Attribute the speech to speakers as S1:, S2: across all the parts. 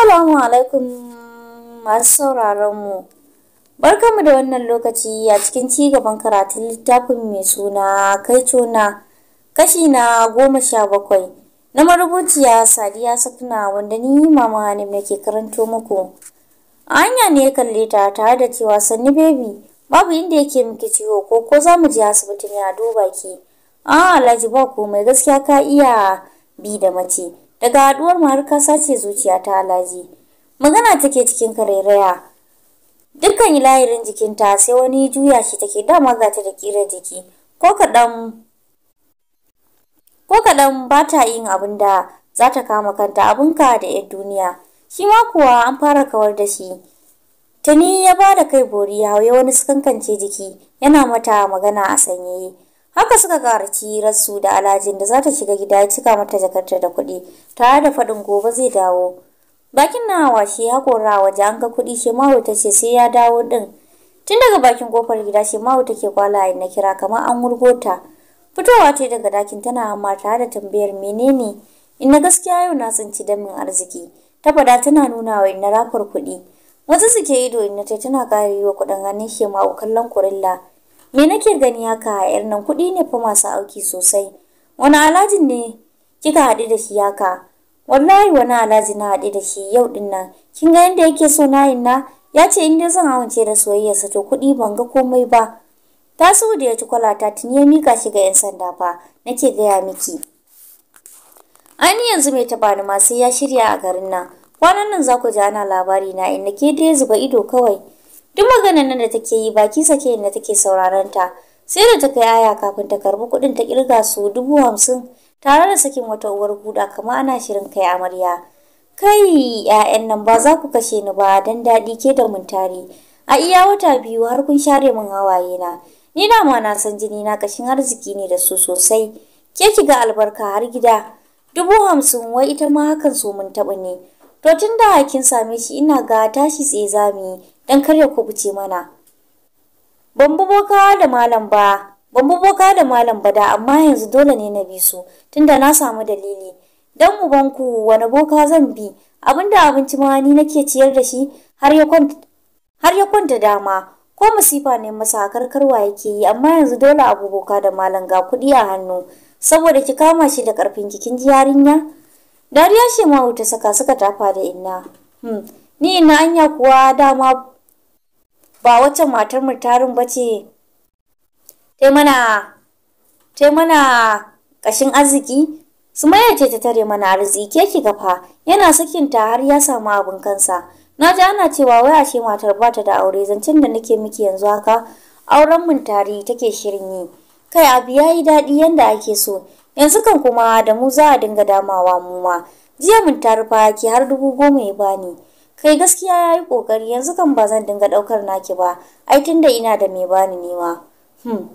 S1: Assalamu alaikum masu sauraron mu. Barkanmu da wannan lokaci a cikin ci gaban karatun littafin mai suna kai tona kashi na goma sha bakwai na marubuciya Sadiya sakuna wanda ni mama Hanim nake karanto muku. Anya ne ya kalle ta tare da cewa sanni baby babu inda yake miki ciwo ko ko za mu je asibiti ne a duba ki. Ah Alhaji ba komai gaskiya ka iya bi da mace. daga haduwar mu har ka sace zuciya ta alaji magana take cikin karairaya dukkan ilahirin jikinta sai wani juya shi take dama za ta da kira jiki ko kaɗan ko ba ta yin abin da za ta kama kanta ka da 'yan duniya shi ma kuwa an fara kawar da shi Tani ya ba da kai bori ya wani skankance jiki yana mata magana a sanyaye haka suka kara tirar su da alhajin da za ta shiga gida ya cika mata jakarta da kuɗi tare da faɗin gobe zai dawo bakin na hawa shi hakora waje an ga kuɗi shemaru ta ce sai ya dawo ɗin tun daga bakin kofar gida shemaru take kwala na kira kamar an wurgo ta fitowa ce daga dakin tana amma tare da tambayar menene inna gaskiya yau na tsinci damin arziki ta fada tana nuna wa inna rafar kuɗi wasu suke ido inna ta tana ƙara yi wa kuɗin hannun shemaru kallon kurilla me nake gani haka a yar nan kuɗi ne fa masu auki sosai wani alajin ne kika haɗu da shi haka wallahi wani alaji na haɗu da shi yau ɗin nan kin ga yadda yake so na na ya ce in dai zan amince da soyayyarsa to kuɗi ban ga komai ba ta so da ya ci kwalata tuni ya mika shi ga 'yan sanda fa nake gaya miki ani yanzu mai taɓa ni ma sai ya shirya a garin nan kwanan nan za ku ji ana labari na in nake dai zuba ido kawai Duk maganar nan da take yi baki sake da take sauraron ta. Sai da ta kai aya kafin ta karbi kudin ta kirga su dubu hamsin tare da sakin wata uwar guda kamar ana shirin kai amarya. Kai ‘ya'yan nan ba za ku kashe ni ba dan daɗi ke da mun tare. A iya wata biyu har kun share min hawaye na. Ni ma na san jini na kashin arziki ne da su sosai. Ke ki ga albarka har gida. Dubu hamsin wai ita ma hakan su mun taɓa ne. To tun da kin same shi ina ga tashi tsaye za yi. dan karya ku kubuce mana ban bi boka da malam ba ban boka da malam ba da amma yanzu dole ne na bi su tunda na samu dalili dan banku, wani boka zan bi abinda abinci ma ni nake ciyar da shi har ya kwanta dama ko masifa ne masa karkarwa yake yi amma yanzu dole abu boka da malam ga kuɗi a hannu saboda ki kama shi da karfin kikin ji yarinya dariya ma wuta saka suka tafa da inna hmm, ni ina anya kuwa dama ba wacce matar mu tarin ba ce mana te mana ƙashin arziki Sumayya ce ta tare mana arziki ke ga fa yana sakinta har ya samu abin kansa na ji ana cewa wai ashe matar ba ta da aure zancen da nake miki yanzu haka auren mun tari take shirin yi kai abu ya yi daɗi yadda ake so yanzu kan kuma da mu za a dinga damawa mu ma jiya mun tari fa har dubu goma ya bani kai gaskiya ya yi ƙoƙari yanzu kan ba zan dinga ɗaukar naki ba ai tunda ina da mai bani nema hmm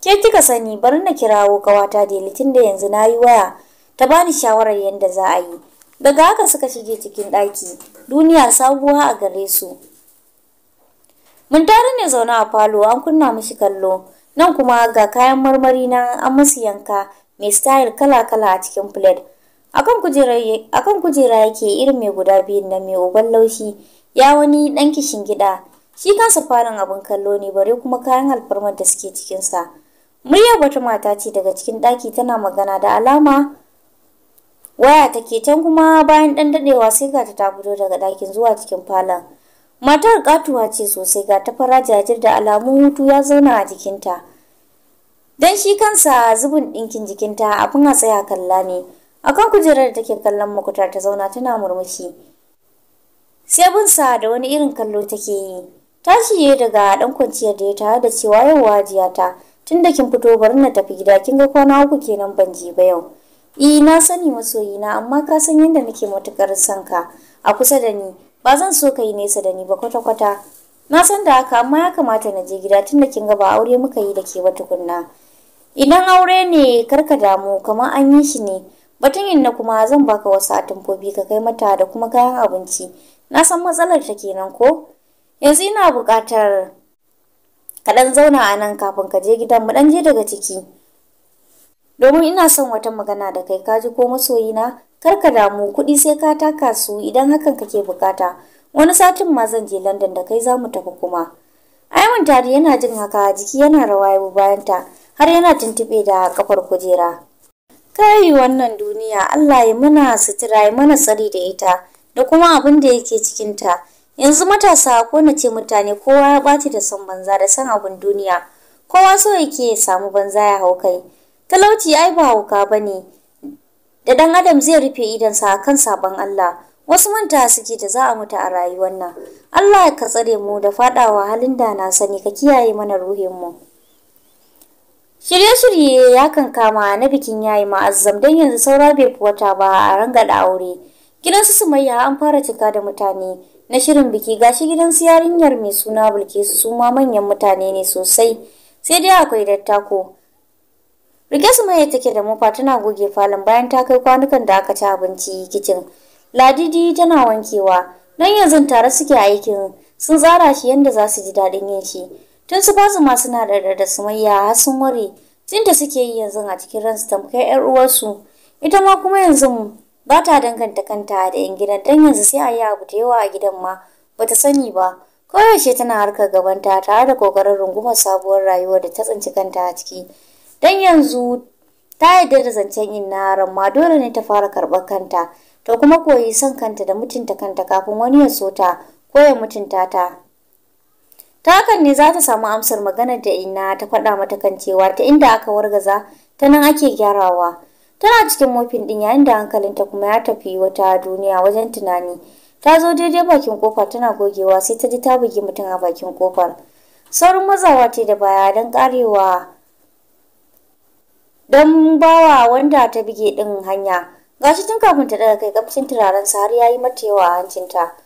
S1: ke kika sani bari na kirawo kawata litin da yanzu na yi waya ta bani shawarar yanda za a yi daga haka suka shige cikin ɗaki duniya sabuwa a gare su mun tare ne zaune a falo an kunna mishi kallo nan kuma ga kayan marmari na an masu yanka mai style kala-kala a cikin plate akan kujera akan kujera yake irin mai guda biyun na mai uban laushi ya wani dan kishin gida shi kansa farin abin kallo ne bare kuma kayan alfarmar da suke cikinsa. sa muryar wata mata ce daga cikin ɗaki tana magana da alama waya take can kuma bayan ɗan daɗewa, sai ga ta fito daga ɗakin zuwa cikin falon matar katuwa ce sosai ga ta fara jajir da alamu hutu ya zauna a jikinta dan shi kansa zubin ɗinkin jikinta abin a tsaya kalla ne akan kujerar da take kallon makuta ta zauna tana murmushi sai sa da wani irin kallo take yi ta ya daga dan kwanciyar da ya tare da cewa yau wajiya ta tunda kin fito bari na tafi gida kin ga kwana uku kenan ban je ba yau i eh, na sani masoyina amma ka san yadda nake matukar son ka a kusa da ni ba zan so ka yi nesa da ni ba kwata kwata na san da haka amma ya kamata na je gida tunda da kin ga ba aure muka yi da ke ba tukunna idan aure ne karka damu kamar an yi shi ne Batun inna kuma zan baka wasu atamfofi ka kai mata da kuma kayan abinci. Na san matsalar ta kenan ko? Yanzu ina buƙatar kaɗan zauna a nan kafin ka je gidan mu ɗan je daga ciki. Domin ina son wata magana da kai ka ji ko masoyina kar ka damu kuɗi sai ka taka su idan hakan kake buƙata. Wani satin ma zan je London da kai za mu tafi kuma. Aiman tari yana jin haka jiki yana rawa bayanta har yana tuntuɓe da kafar kujera. tayi wannan duniya Allah ya muna sutura ya mana tsari da ita da kuma abin da yake cikin ta yanzu matasa ko na ce mutane kowa ya ɓaci da son banza da san abin duniya kowa so yake ya samu banza ya hau kai talauci ai ba hauka bane da dan adam zai rufe idan sa kan sabon Allah wasu manta suke da za a mutu a rayuwar nan Allah ka tsare mu da fadawa halin da na sani ka kiyaye mana ruhin mu Shirye-shirye ya kankama na bikin yayi ma'azzam don yanzu saura bai fi ba a rangada aure. gidan su Sumayya an fara cika da mutane na shirin biki gashi gidan su yarinyar mai suna bulke su ma manyan mutane ne sosai. Sai dai akwai dattako. Rike mai take da mufa tana goge falon bayan ta kai kwanukan da aka ci abinci kicin. Ladidi tana wankewa. Don yanzu tare suke aikin sun tsara shi yadda za su ji daɗin yin shi. don su su ma suna da da sumayya har sun ware tunda suke yi yanzu a cikin ransu tamkar yar uwarsu ita ma kuma yanzu ba ta danganta kanta da yan gidan dan yanzu sai a yi abu da yawa a gidan ma ba ta sani ba koyaushe tana harkar gabanta tare da kokarin rungumar sabuwar rayuwar da ta tsinci kanta a ciki dan yanzu ta yarda da zancen yin na ma dole ne ta fara karɓar kanta ta kuma koyi son kanta da mutunta kanta kafin wani ya so ta ko ya mutunta ta ta hakan ne za ta samu amsar maganar da ina ta faɗa mata kan cewa ta inda aka wargaza ta nan ake gyarawa tana cikin mofin ɗin yayin da hankalinta kuma ya tafi wata duniya wajen tunani ta zo daidai bakin kofar tana gogewa sai ta ji ta bugi mutum a bakin kofar saurin mazawa ce da baya don karewa don bawa wanda ta bige ɗin hanya gashi tun kafin ta daga kai kamcin turaren sa har yi mata yawa a hancinta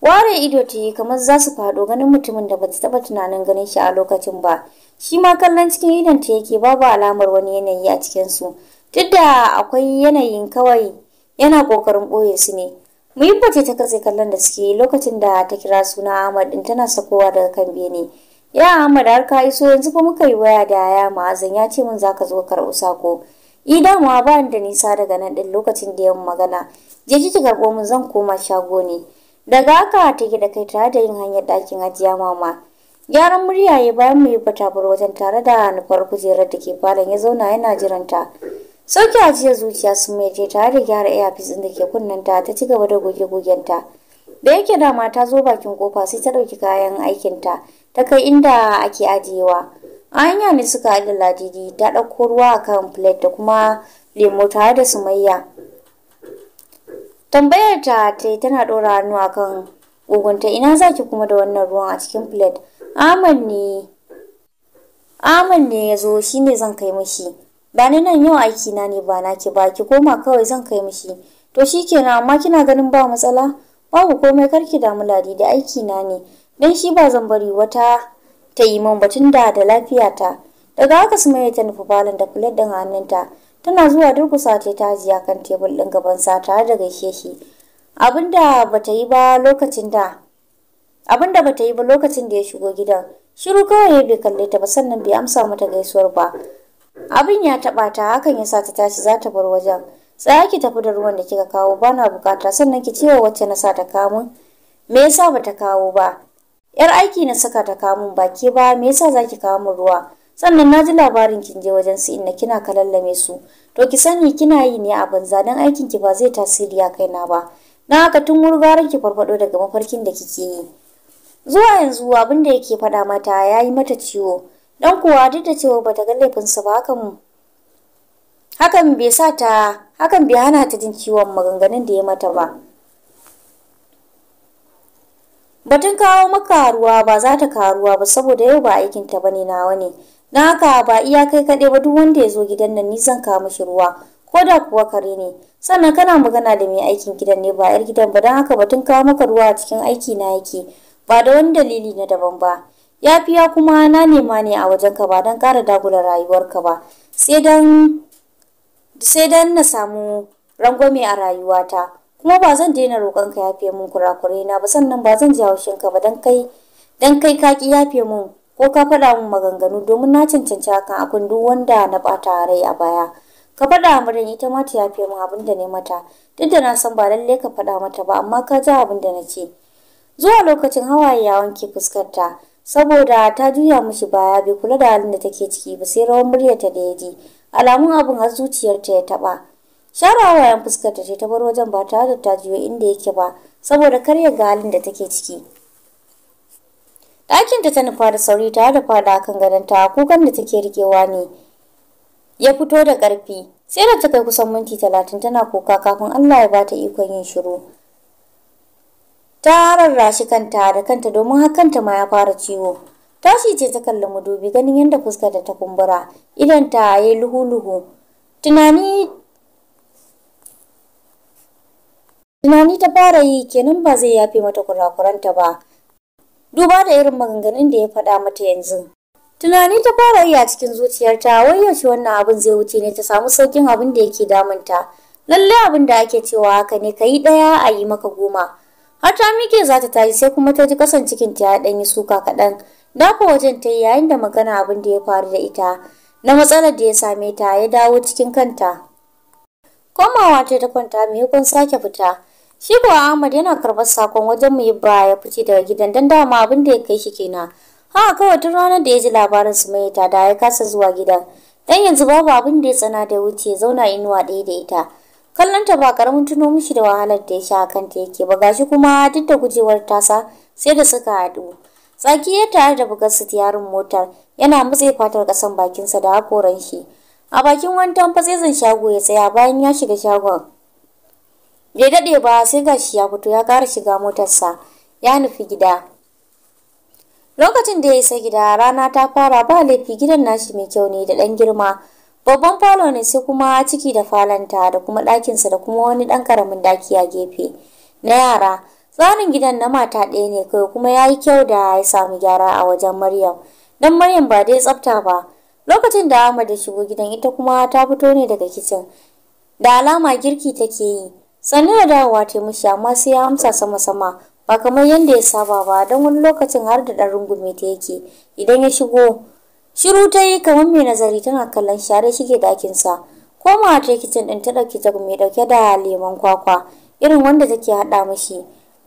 S1: ware ido ta yi kamar za su faɗo ganin mutumin da bata taɓa tunanin ganin shi a lokacin ba shi ma kallon cikin idon ta yake babu alamar wani yanayi a cikin su duk da akwai yanayin kawai yana ƙoƙarin ɓoye su ne muhimma ce ta katse kallon da suke lokacin da ta kira suna ahmad ɗin tana sakowa daga kan bene ya ahmad har ka iso yanzu fa muka yi waya da ya ma'azin ya ce min zaka zo karɓi sako idan eh, ma ba da nisa daga nan ɗin lokacin da yawan magana je ki karɓo min zan koma shago ne daga haka ta da kai tare da yin hanyar ɗakin ajiya mama gyaran murya ya bayan mu yi bata wajen tare da nufar kujerar da ke falon ya zauna yana jiranta sauki ajiyar zuciya sun mai tare da gyara airpiece ɗin da ke kunnanta ta ci gaba da goge-gogenta da yake da mata zo bakin kofa sai ta ɗauki kayan aikinta ta kai inda ake ajiyewa a hanya ne suka haɗa ladidi ta ɗauko ruwa a kan plate da kuma lemo tare da sumayya Tambayar ta ta tana dora hannu a kan gugunta ina zaki kuma da wannan ruwan a cikin plate. Aman ne. Aman ne ya zo shi ne zan kai mashi Ba ni nan yau aiki na ne ba na ki ba ki koma kawai zan kai mashi To shi kenan amma kina ganin ba matsala? Babu komai karki damu ladi da aiki na ne. Dan shi ba zan bari wata ta yi min batun da da lafiyata. Daga haka mai ta nufi falon da plate ɗin hannunta. tana zuwa durkusa ta tajiya kan tebul ɗin gaban sa tare da gaishe shi abinda bata yi ba lokacin da abinda bata yi ba lokacin da ya shigo gidan shiru kawai ya bi kalle ta ba sannan bai amsa mata gaisuwar ba abin ya taɓa ta hakan ya sa ta tashi za ta bar wajen tsaya ki tafi da ruwan da kika kawo bana bukata sannan ki cewa wacce na sa ta kamun me yasa bata kawo ba yar aiki na saka ta kamun baki ba me yasa zaki kawo min ruwa sannan na ji labarin kin je wajen su inna kina kalallame su to ki sani kina yi ne a banza dan aikin ki ba zai tasiri ya kai na ba dan haka tun wurgaran ki farfado daga mafarkin da kike yi zuwa yanzu abin da yake fada mata yayi mata ciwo dan kuwa duk da cewa bata ga laifin sa ba hakan hakan bai sa ta hakan bai hana ta jin ciwon maganganun da ya mata ba Batun kawo maka ruwa ba za ta karuwa ba saboda yau ba aikin ta bane nawa ne. Na haka ba iya kai kaɗai ba duk wanda ya zo gidan nan ni zan kawo mishi ruwa. Ko da kuwa kare ne. Sannan kana magana da mai aikin gidan ne ba 'yar gidan ba don haka batun kawo maka ruwa a cikin aiki na yake. Ba da wani dalili na daban ba. ya fiya kuma na nema ne a wajenka ba don ƙara dagula rayuwarka ba. Sai don sai don na samu rangwame a rayuwata kuma ba zan daina roƙon ka yafe mun kurakurai na ba sannan ba zan ji haushin ka ba dan kai dan kai ka ki yafe mun ko ka faɗa mun maganganu domin na cancanci hakan kun duk wanda na ɓata rai a baya ka faɗa min ita ma ta yafe mun abin da ne mata duk da na san ba lalle ka faɗa mata ba amma ka ji abin da na ce zuwa lokacin hawaye ya wanke fuskarta saboda ta juya mishi baya bai kula da halin da take ciki ba sai rawar muryarta da ya ji alamun abin har zuciyarta ya taɓa. Shara yan fuskar ce ta bar wajen ba tare da ta juyo inda yake ba saboda karya ga halin da take ciki. ɗakinta ta nufa da sauri tare da fada kan gadon ta kukan da take rikewa ne ya fito da ƙarfi sai da ta kai kusan minti talatin tana kuka kafin Allah ya bata ikon yin shiru. Ta rarrashi kanta da kanta domin ta ma ya fara ciwo. Tashi ce ta kalli madubi ganin yadda fuskar ta kumbura, idan ta yi luhu-luhu. Tunani tunani ta fara yi kenan ba zai yafe mata kurakuranta ba duba da irin maganganun da ya faɗa mata yanzu tunani ta fara yi a cikin zuciyarta wai yaushe wannan abin zai wuce ne ta samu saukin abin da yake damunta lalle abin da ake cewa haka ne ka yi ɗaya a yi maka goma har ta mike za ta tashi sai kuma ta ji kasan cikin ta ya ɗan yi suka kaɗan dafa wajen ta yi yayin da magana abin da ya faru da ita na matsalar da ya same ta ya dawo cikin kanta komawa ta ta kwanta kun sake fita Shi kuwa Ahmad yana karbar sakon wajen mu ya fice daga gidan dan dama abin da ya kai shi kenan. ha kawai tun ranar da ya ji labarin su mai ta da ya kasa zuwa gidan. Dan yanzu babu abin da ya tsana da wuce zauna inuwa ɗaya da ita. Kallonta ba karamin tuno mishi da wahalar da ya sha kanta yake ba gashi kuma duk da gujewar tasa sai da suka haɗu. Tsaki ya tare da bugar su tiyarin motar yana matse fatar ƙasan bakinsa da hakoran shi. A bakin wani tamfatsezin shago ya tsaya bayan ya shiga shagon. bai dade ba sai gashi ya fito ya kara shiga motarsa ya nufi gida lokacin da ya isa gida rana ta fara ba laifi gidan nashi mai kyau ne da ɗan girma babban falo ne sai kuma ciki da falanta da kuma ɗakinsa da kuma wani ɗan karamin daki a gefe na yara tsarin gidan na mata ɗaya ne kai kuma ya yi kyau da ya samu gyara a wajen maryam dan maryam ba dai tsafta ba lokacin da ahmad ya shigo gidan ita kuma ta fito ne daga kicin da alama girki take yi sani da dawowa ta amma sai ya amsa sama-sama ba kamar yadda ya saba ba don wani lokacin har da ɗan rungume ta yake idan ya shigo shiru ta yi kamar mai nazari tana kallon share shige dakinsa koma ta kicin ɗin ta ɗauki jog mai ɗauke da lemon kwakwa irin wanda take haɗa mashi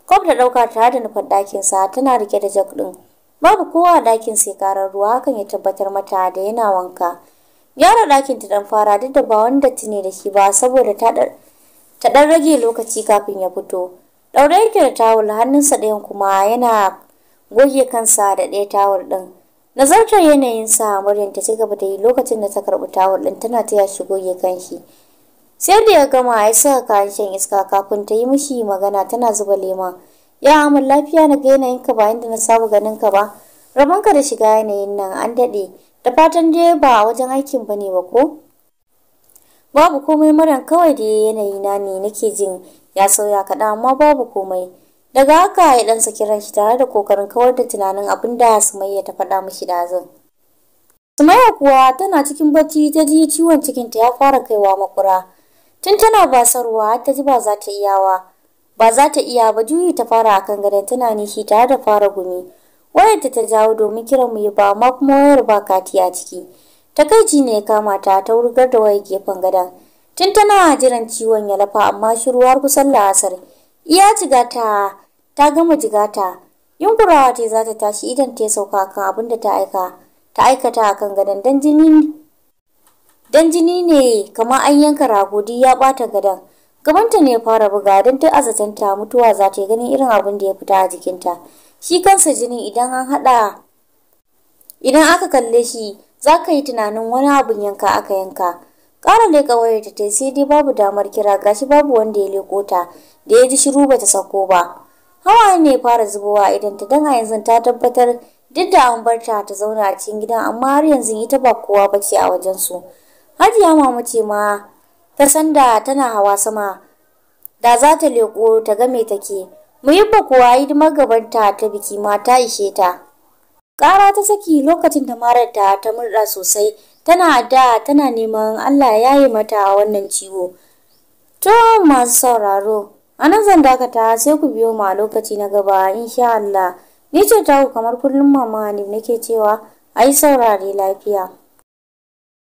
S1: kwaf da ɗauka tare da nufar ɗakinsa tana rike da jak ɗin babu kowa a ɗakin sai karar ruwa hakan ya tabbatar mata da yana wanka gyara ɗakin ta ɗan fara duk da ba wanda tuni da shi ba saboda ta ta ɗan rage lokaci kafin ya fito ɗaure yake da tawul hannunsa ɗayan kuma yana goge kansa da ɗaya tawul ɗin nazartar yanayinsa muryar ta ci gaba da yi lokacin da ta karɓi tawul ɗin tana taya shi goge kanshi sai da ya gama ya saka kayan shan iska kafin ta yi mishi magana tana zuba lema ya amin lafiya na ga yanayinka ba inda na saba ganin ka ba rabanka da shiga yanayin nan an daɗe da fatan dai ba wajen aikin bane ba ko babu komai maran kawai da yanayi na ne nake jin ya sauya kaɗan amma babu komai daga haka ya ɗan saki ranshi tare da kokarin kawar da tunanin abin da sumayya ta faɗa mishi ɗazun sumayya kuwa tana cikin bacci ta ji ciwon cikinta ya fara kaiwa makura tun tana basarwa ta ji ba za ta iyawa ba za ta iya ba juyi ta fara akan gadon tana nishi tare da fara gumi wayarta ta jawo domin kiran mu yi ba amma kuma wayar ba kati a ciki takaici ne ya kamata ta ta wurgar da wayar gefen gadon tun tana jiran ciwon ya lafa amma shiruwar kusan la'asar iya jigata ta gama jigata yunkurawa ce za ta tashi idan ta sauka kan abin da ta aika ta aikata a kan gadon dan jini dan jini ne kamar an yanka ragodi ya bata gadon gabanta ne fara buga don ta azatanta mutuwa za ta ganin irin abin da ya fita a jikinta shi kansa jini idan an hada idan aka kalle shi za ka yi tunanin wani abun yanka aka yanka ƙara ka wayar ta sai dai babu damar kira gashi babu wanda ya leƙo ta da ya ji shiru ta sako ba hawa ne fara zubowa idan ta dan a yanzu ta tabbatar duk da an bar ta ta zauna a cikin gidan amma har yanzu ita ba kowa ce a wajen su hajiya mama ce ma ta san sanda tana hawa sama da za ta leƙo ta ga me take ba kuwa hidimar gabanta ta biki ma ta ishe ta Kara ta saki lokacin da mararta ta murda sosai, tana da tana neman Allah ya yi mata wannan ciwo. To masu sauraro, a nan zan dakata sai ku biyo ma lokaci na gaba in sha Allah. Ni ce ta kamar kullum mama ne nake cewa, ai saurare lafiya.